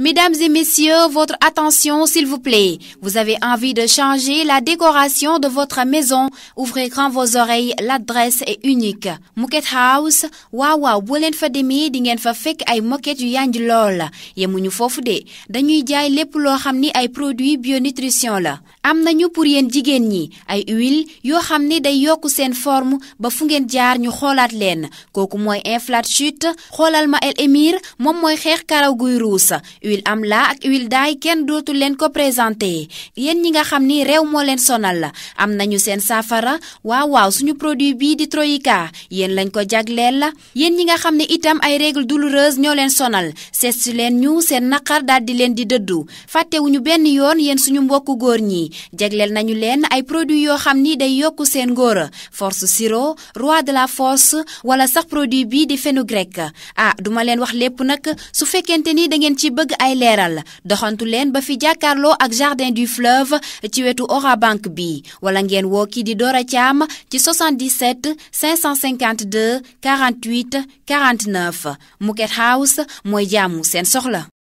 Mesdames et messieurs, votre attention s'il vous plaît. Vous avez envie de changer la décoration de votre maison, ouvrez grand vos oreilles, l'adresse est unique. Moquette House waaw waaw boo leen fa demee di ngeen fa fekk ay moquette yu yànj lool yemuñu foofu de dañuy jaay lépp loo xam ni ay produits bionutrition la. am nañu pour yéen jigéen ñi ay huile yoo xam ni day yokk seen forme ba fu ngeen jaar ñu xoolaat leen kooku mooy Inflat Chute xoolal ma El Emir moom mooy xeex karaw guy ruus. huile amla ak huile kenn dootul leen ko présenté yéen ñi nga xam ni réew moo leen sonal la am nañu seen saafara waaw waaw suñu produit bii di troika yéen lañ ko jagleel la yéen ñi nga xam ne itam ay règles douloureuses ñoo leen sonal seet si leen ñu seen naqar daal di leen di dëddu fàttewuñu benn yoon yéen suñu mbokku góor ñi jagleel nañu leen ay produits yoo xam ni day yokku seen ngóora force sirop roi de la force wala sax produit bii di fenugrec ah duma leen ay leeral doxantu leen ba fi jàkkaarloo ak jardin du fleuve ci wetu Orabank bi wala ngeen woo kii di Dora Thiam ci 77 552 48 49 Market House mooy jaamu seen soxla.